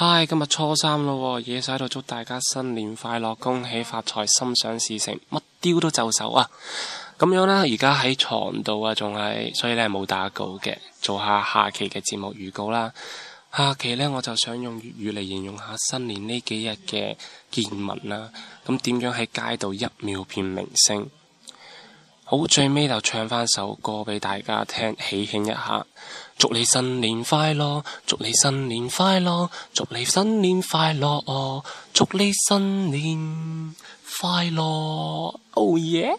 唉，Hi, 今日初三咯，嘢晒度祝大家新年快樂，恭喜發財，心想事成，乜鵰都就手啊！咁樣啦，而家喺床度啊，仲係，所以咧冇打稿嘅，做下下期嘅節目預告啦。下期呢，我就想用粵語嚟形容下新年呢幾日嘅見聞啦。咁點樣喺街度一秒變明星？好，最尾就唱返首歌畀大家聽，喜慶一下。祝你新年快樂，祝你新年快樂，祝你新年快樂，哦，祝你新年快樂。哦耶！